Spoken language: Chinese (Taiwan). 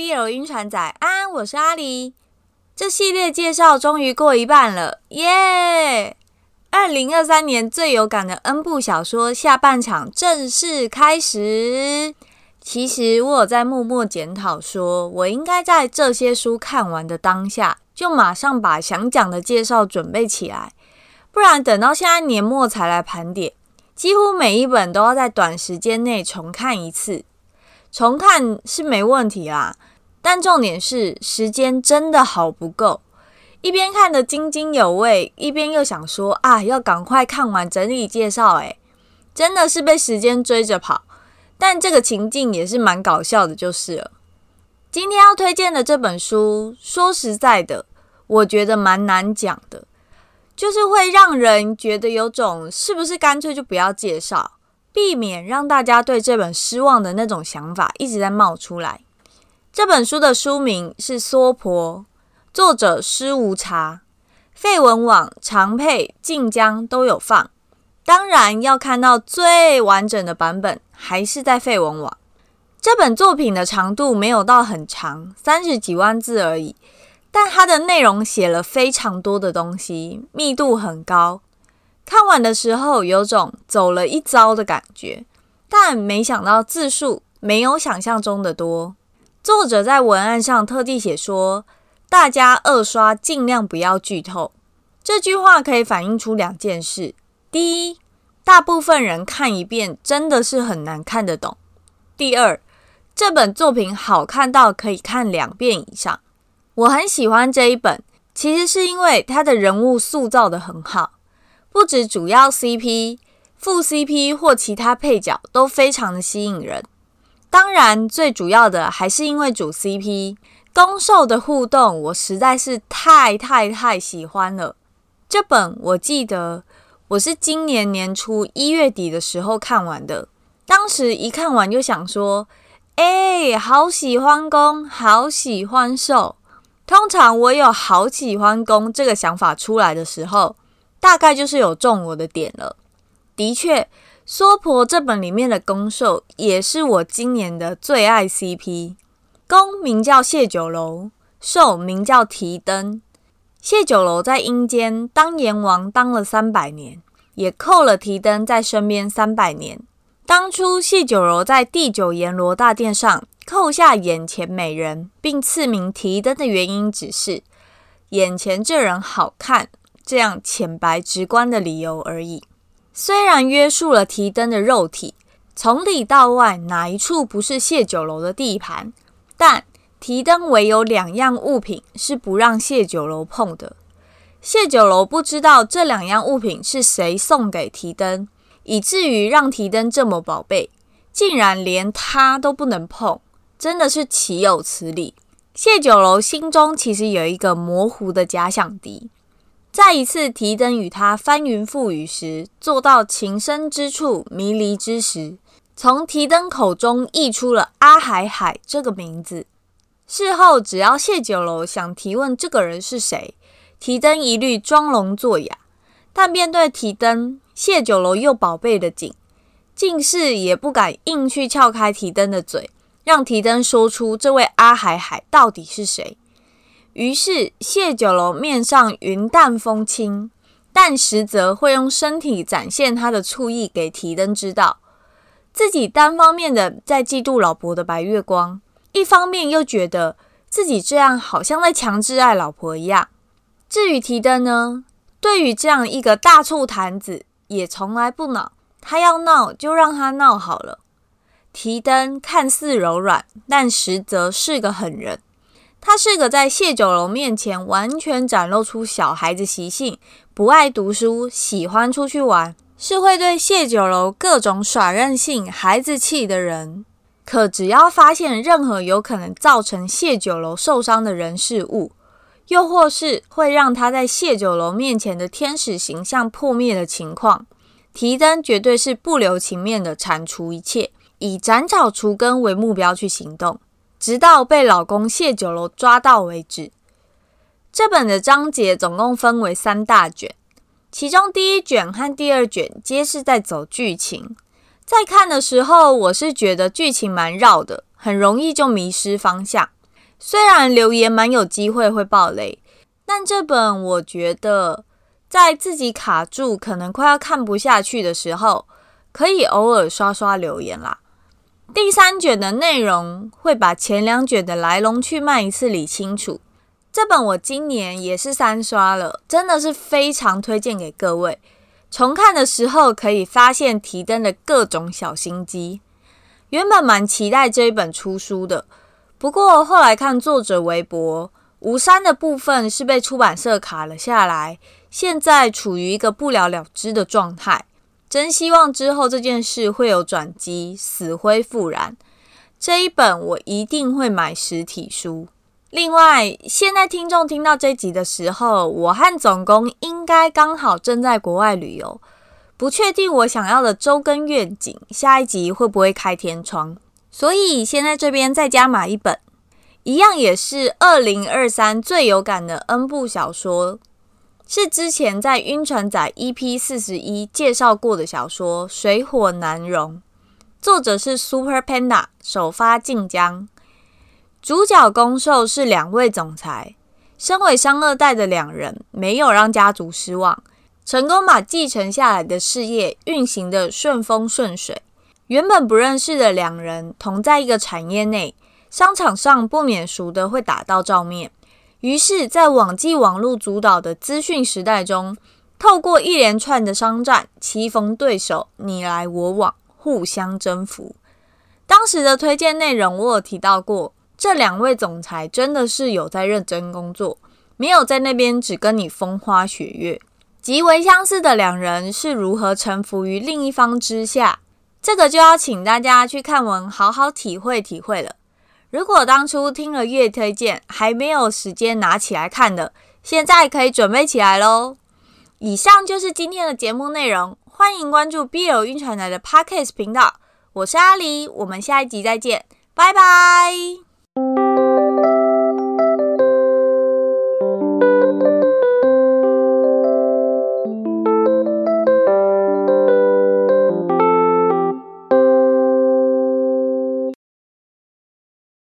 BL 暈船仔安、啊。我是阿梨。這系列介紹終於過一半了，耶！二零二三年最有感的 N 部小說下半場正式開始。其實我有在默默檢討說，說我應該在這些書看完的當下，就馬上把想講的介紹準備起來，不然等到現在年末才來盤點，幾乎每一本都要在短時間內重看一次。重看是沒問題啦。但重點是時間真的好不夠，一邊看得津津有味，一邊又想說啊，要趕快看完整理介紹，哎，真的是被時間追着跑。但這個情境也是蠻搞笑的，就是了。今天要推薦的這本書，說實在的，我覺得蠻難講的，就是會讓人覺得有種是不是乾脆就不要介紹，避免讓大家對這本失望的那種想法一直在冒出來。這本書的書名是《娑婆》，作者詩無茶，廢文網、常配、晉江都有放。當然，要看到最完整的版本，還是在廢文網。這本作品的長度沒有到很長，三十幾萬字而已，但它的內容寫了非常多的東西，密度很高。看完的時候，有種走了一遭的感覺，但沒想到字數沒有想象中的多。作者在文案上特地寫說：“大家二刷盡量不要劇透。”這句話可以反映出兩件事：第一，大部分人看一遍真的是很難看得懂；第二，這本作品好看到可以看兩遍以上。我很喜歡這一本，其實是因為它的人物塑造的很好，不止主要 CP、副 CP 或其他配角都非常的吸引人。當然，最主要的還是因為主 CP 攻受的互動，我實在是太太太喜歡了。這本我記得我是今年年初一月底的時候看完的，當時一看完就想說：“哎、欸，好喜歡攻，好喜歡受。通常我有好喜歡攻這個想法出來的時候，大概就是有中我的點了。的確。《娑婆》這本裡面的公受也是我今年的最愛 CP。公名叫謝九樓，受名叫提燈。謝九樓在陰間當閻王當了三百年，也扣了提燈在身邊三百年。當初謝九樓在第九閻羅大殿上扣下眼前美人，並賜名提燈的原因，只是眼前這人好看，這樣淺白直觀的理由而已。雖然約束了提燈的肉體，從裡到外哪一處不是謝九樓的地盤？但提燈唯有兩樣物品是不讓謝九樓碰的。謝九樓不知道這兩樣物品是誰送給提燈，以至於讓提燈這麼寶貝，竟然連他都不能碰，真的是豈有此理！謝九樓心中其實有一個模糊的假想敵。在一次提燈與他翻雲覆雨時，做到情深之處迷離之時，從提燈口中溢出了阿海海這個名字。事後，只要謝九樓想提問這個人是誰，提燈一律裝聾作啞。但面對提燈，謝九樓又寶貝的緊，竟是也不敢硬去撬開提燈的嘴，讓提燈說出這位阿海海到底是誰。於是謝九樓面上雲淡風輕，但實則會用身體展現他的醋意給提燈知道，自己單方面的在嫉妒老婆的白月光，一方面又覺得自己這樣好像在強制愛老婆一樣。至於提燈呢，對於這樣一個大醋罈子也從來不惱，他要鬧就讓他鬧好了。提燈看似柔軟，但實則是個狠人。他是個在謝九樓面前完全展露出小孩子習性、不愛讀書、喜歡出去玩，是會對謝九樓各種耍任性、孩子氣的人。可只要發現任何有可能造成謝九樓受傷的人事物，又或是會讓他在謝九樓面前的天使形象破滅的情況，提燈絕對是不留情面的鏟除一切，以斬草除根為目標去行動。直到被老公謝九樓抓到為止。這本的章節總共分為三大卷，其中第一卷和第二卷皆是在走劇情。在看的時候，我是覺得劇情蠻繞的，很容易就迷失方向。雖然留言蠻有機會會爆雷，但這本我覺得在自己卡住、可能快要看不下去的時候，可以偶爾刷刷留言啦。第三卷的內容會把前兩卷的來龍去脈一次理清楚。這本我今年也是三刷了，真的是非常推薦給各位。重看的時候可以發現提燈的各種小心機。原本蠻期待這一本出書的，不過後來看作者微博，無刪的部分是被出版社卡了下來，現在處於一個不了了之的狀態。真希望之後這件事會有轉機，死灰復燃。這一本我一定會買實體書。另外，現在聽眾聽到這集的時候，我和總工應該剛好正在國外旅遊，不確定我想要的周更願景下一集會不會開天窗，所以先在這邊再加買一本，一樣也是二零二三最有感的 N 部小說。是之前在《暈船仔》EP 四十一介紹過的小說《水火難容》，作者是 Super Panda，首發晉江。主角攻受是兩位總裁，身為商二代的兩人沒有讓家族失望，成功把繼承下來的事業運行得順風順水。原本不認識的兩人同在一個產業內，商場上不免熟的會打到照面。於是，在網際網絡主導的資訊時代中，透過一連串的商戰，棋逢對手，你來我往，互相征服。當時的推薦內容，我有提到過，這兩位總裁真的是有在認真工作，沒有在那邊只跟你風花雪月。極為相似的兩人是如何臣服於另一方之下，這個就要請大家去看文，好好體會體會了。如果當初聽了月推薦還沒有時間拿起來看的，現在可以準備起來嘍！以上就是今天的節目內容，歡迎關注 BL 暈船奶的 Podcast 頻道，我是阿梨，我們下一集再見，拜拜。